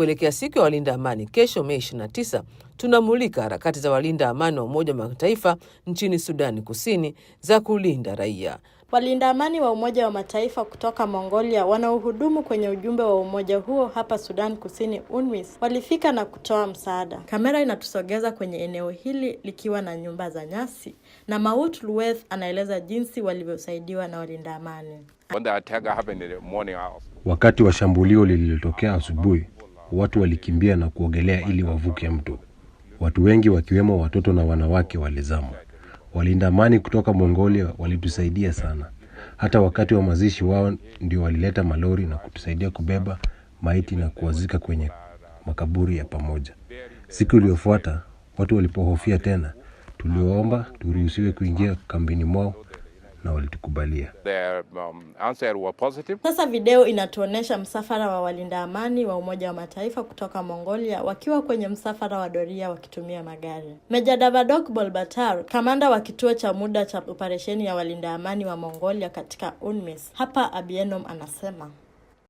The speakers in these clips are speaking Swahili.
Kuelekea siku ya walinda amani kesho, Mei 29, tunamulika harakati za walinda amani wa Umoja wa Mataifa nchini Sudani Kusini za kulinda raia. Walinda amani wa Umoja wa Mataifa kutoka Mongolia wanaohudumu kwenye ujumbe wa umoja huo hapa Sudan Kusini, UNMISS, walifika na kutoa msaada. Kamera inatusogeza kwenye eneo hili likiwa na nyumba za nyasi, na Maut Lueth anaeleza jinsi walivyosaidiwa na walinda amani. Wakati wa shambulio lililotokea asubuhi watu walikimbia na kuogelea ili wavuke mto. Watu wengi wakiwemo watoto na wanawake walizama. Walinda amani kutoka Mongolia walitusaidia sana. Hata wakati wa mazishi wao ndio walileta malori na kutusaidia kubeba maiti na kuwazika kwenye makaburi ya pamoja. Siku iliyofuata watu walipohofia tena, tuliwaomba turuhusiwe kuingia kambini mwao na walitukubalia. um, Sasa video inatuonyesha msafara wa walinda amani wa Umoja wa Mataifa kutoka Mongolia wakiwa kwenye msafara wa doria wakitumia magari. Meja Davadok Bolbatar, kamanda wa kituo cha muda cha operesheni ya walinda amani wa Mongolia katika UNMISS hapa Abienom, anasema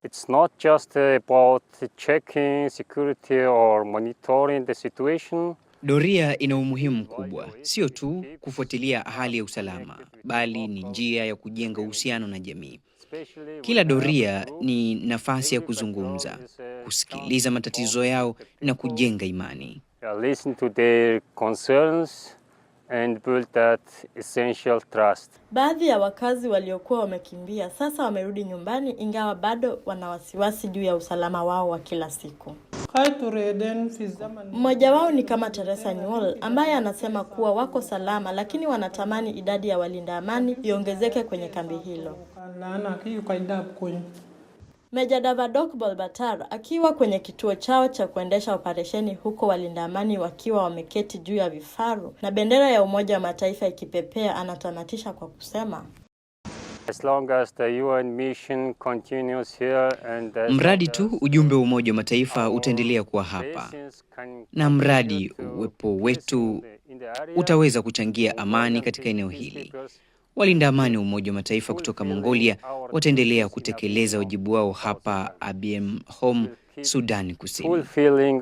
It's not just about checking security or monitoring the situation Doria ina umuhimu mkubwa, sio tu kufuatilia hali ya usalama, bali ni njia ya kujenga uhusiano na jamii. Kila doria ni nafasi ya kuzungumza, kusikiliza matatizo yao na kujenga imani. Baadhi ya wakazi waliokuwa wamekimbia sasa wamerudi nyumbani ingawa bado wana wasiwasi juu ya usalama wao wa kila siku. Mmoja wao ni kama Teresa Nyol ambaye anasema kuwa wako salama, lakini wanatamani idadi ya walinda amani iongezeke kwenye kambi hilo. Meja Davadok Bolbatar akiwa kwenye kituo chao cha kuendesha operesheni huko, walinda amani wakiwa wameketi juu ya vifaru na bendera ya Umoja wa Mataifa ikipepea, anatamatisha kwa kusema As long as the UN mission continues here and mradi tu ujumbe wa Umoja wa Mataifa utaendelea kuwa hapa na mradi uwepo wetu utaweza kuchangia amani katika eneo hili. Walinda amani wa Umoja wa Mataifa kutoka Mongolia wataendelea kutekeleza wajibu wao hapa ABM Home, Sudan Kusini.